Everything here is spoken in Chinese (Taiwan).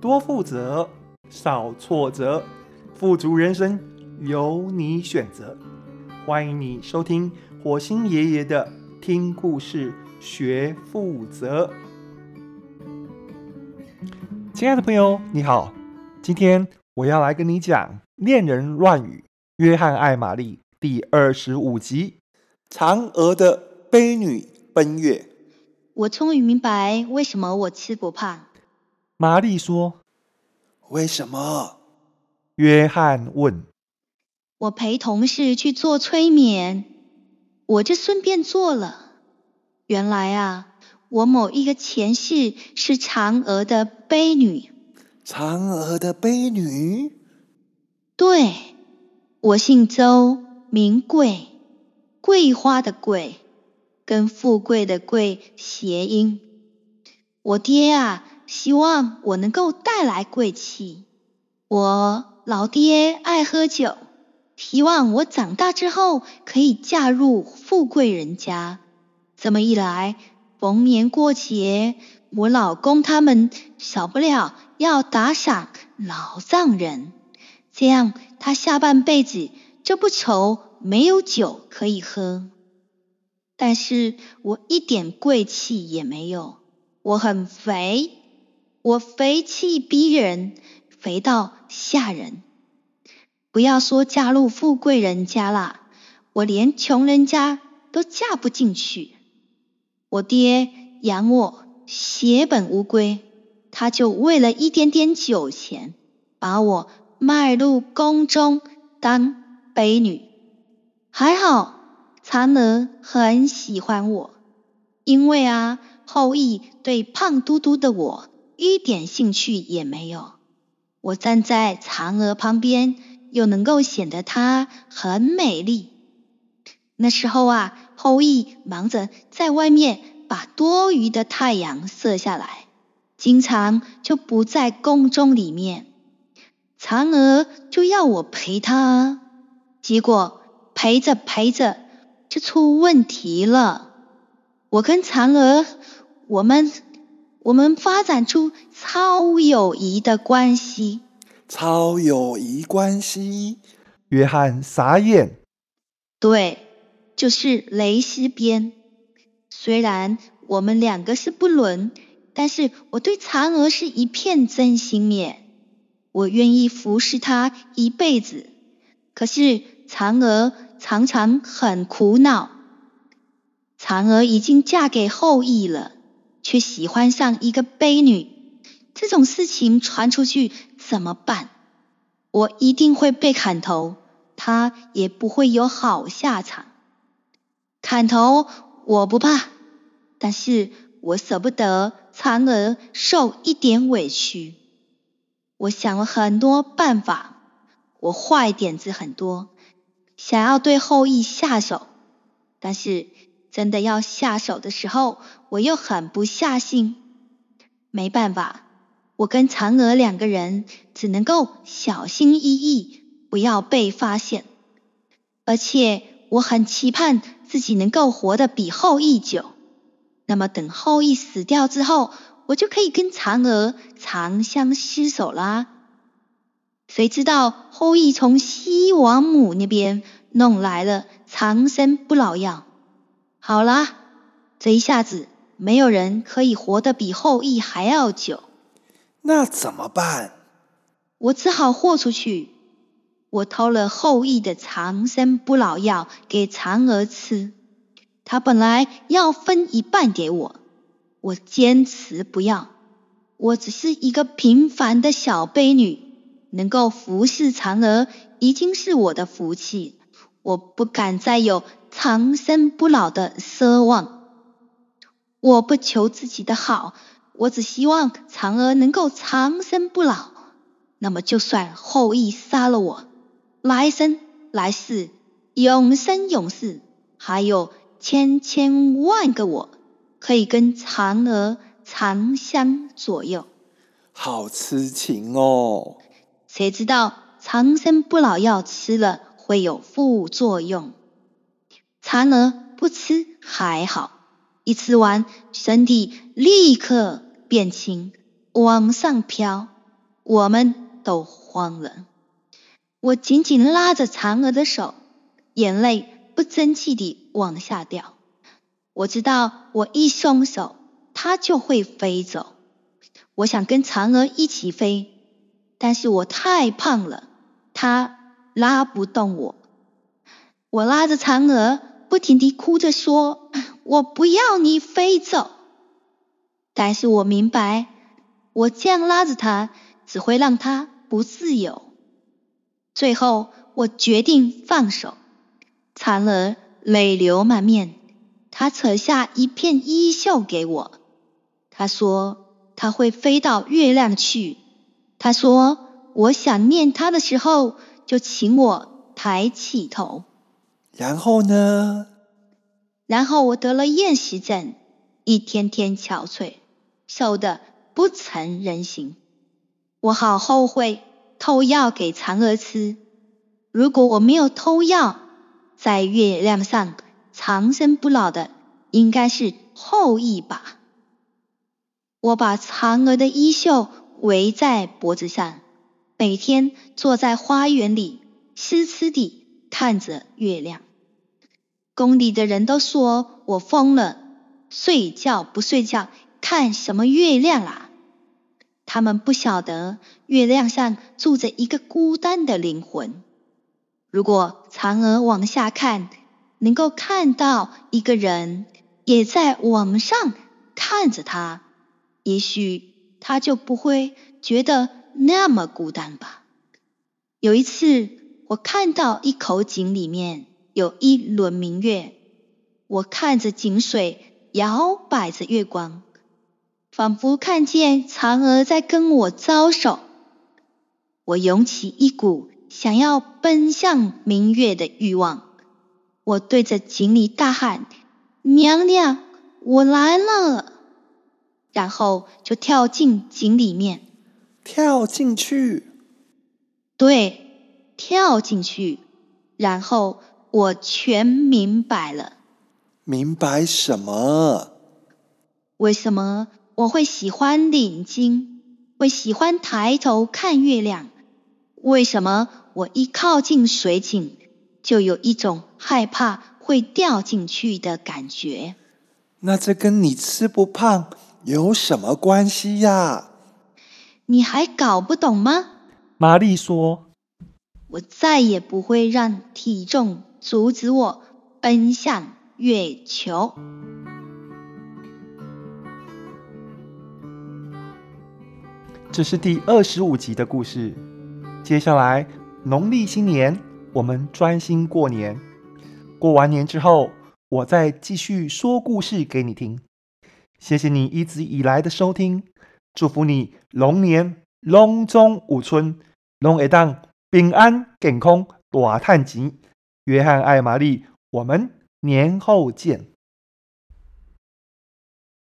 多富擇，少挫折，富足人生由你選擇。歡迎你收聽火星爺爺的聽故事學富擇。親愛的朋友，你好，今天我要來跟你講《戀人亂語》約翰·愛瑪麗第二十五集《嫦娥的婢女奔月》。我終於明白為什麼我吃不胖。瑪麗說：“為什麼？”約翰問。“我陪同事去做催眠，我就順便做了。原來啊，我某一個前世是嫦娥的婢女。”“嫦娥的婢女？”“對，我姓周明貴，名桂，桂花的桂，跟富貴的貴諧音。我爹啊。”希望我能夠帶來貴氣。我老爹愛喝酒，希望我長大之後可以嫁入富貴人家。這麼一來，逢年過節，我老公他們少不了要打賞老丈人，這樣他下半輩子就不愁沒有酒可以喝。但是我一點貴氣也沒有，我很肥。我肥氣逼人，肥到嚇人。不要說嫁入富貴人家啦，我連窮人家都嫁不進去。我爹養我血本無歸，他就為了一點點酒錢，把我賣入宮中當婢女。還好，嫦娥很喜歡我，因為啊，後羿對胖嘟嘟的我。一點興趣也沒有。我站在嫦娥旁邊，又能夠顯得她很美麗。那時候啊，後羿忙着在外面把多餘的太陽射下來，經常就不在宮中裡面。嫦娥就要我陪她，結果陪着陪着就出問題了。我跟嫦娥，我們。我們發展出超友誼的關係。超友誼關係，約翰傻眼。對，就是蕾絲邊。雖然我們兩個是不倫，但是我對嫦娥是一片真心耶，我願意服侍她一輩子。可是嫦娥常常很苦惱。嫦娥已經嫁給后羿了。卻喜歡上一個婢女，這種事情傳出去怎麼辦？我一定會被砍頭，他也不會有好下場。砍頭我不怕，但是我捨不得嫦娥受一點委屈。我想了很多辦法，我壞點子很多，想要對后羿下手，但是。真的要下手的時候，我又狠不下心。沒辦法，我跟嫦娥兩個人只能夠小心翼翼，不要被發現。而且我很期盼自己能夠活得比后羿久。那麼等后羿死掉之後，我就可以跟嫦娥長相厮守啦。誰知道后羿從西王母那邊弄來了長生不老藥？好啦，這一下子沒有人可以活得比后羿還要久。那怎麼辦？我只好豁出去。我偷了後羿的長生不老藥給嫦娥吃，她本來要分一半給我，我堅持不要。我只是一個平凡的小婢女，能夠服侍嫦娥已經是我的福氣，我不敢再有。長生不老的奢望，我不求自己的好，我只希望嫦娥能夠長生不老。那麼，就算后羿殺了我，來生來世永生永世，還有千千萬個我可以跟嫦娥長相左右。好痴情哦！誰知道長生不老藥吃了會有副作用？嫦娥不吃還好，一吃完身體立刻變輕，往上飄，我們都慌了。我緊緊拉着嫦娥的手，眼淚不爭氣地往下掉。我知道我一鬆手，它就會飛走。我想跟嫦娥一起飛，但是我太胖了，它拉不動我。我拉着嫦娥，不停地哭着說：“我不要你飛走。”但是我明白，我這樣拉着她，只會讓她不自由。最後，我決定放手。嫦娥淚流滿面，她扯下一片衣袖給我。她說：“她會飛到月亮去。”她說：“我想念他的時候，就請我抬起頭。”然後呢？然後我得了厭食症，一天天憔悴，瘦得不成人形。我好後悔偷藥給嫦娥吃。如果我沒有偷藥，在月亮上長生不老的應該是後羿吧。我把嫦娥的衣袖圍在脖子上，每天坐在花園裡，痴痴地看着月亮。宮裡的人都說我瘋了，睡覺不睡覺，看什麼月亮啦、啊？他們不曉得月亮上住着一個孤單的靈魂。如果嫦娥往下看，能夠看到一個人也在往上看着她，也許她就不會覺得那麼孤單吧。有一次，我看到一口井裡面。有一輪明月，我看着井水，搖擺着月光，仿佛看見嫦娥在跟我招手。我湧起一股想要奔向明月的欲望。我對着井裡大喊：“娘娘，我來了！”然後就跳進井裡面。跳進去。對，跳進去，然後。我全明白了。明白什麼？為什麼我會喜歡領巾？會喜歡抬頭看月亮？為什麼我一靠近水井，就有一種害怕會掉進去的感覺？那這跟你吃不胖有什麼關係呀、啊？你還搞不懂嗎？瑪麗說：“我再也不會讓體重。”阻止我奔向月球。這是第二十五集的故事。接下來農曆新年，我們專心過年。過完年之後，我再繼續說故事給你聽。謝謝你一直以來的收聽，祝福你龍年龍總有春，龍一當平安健康大嘆錢。約翰，愛瑪麗，我們年後見。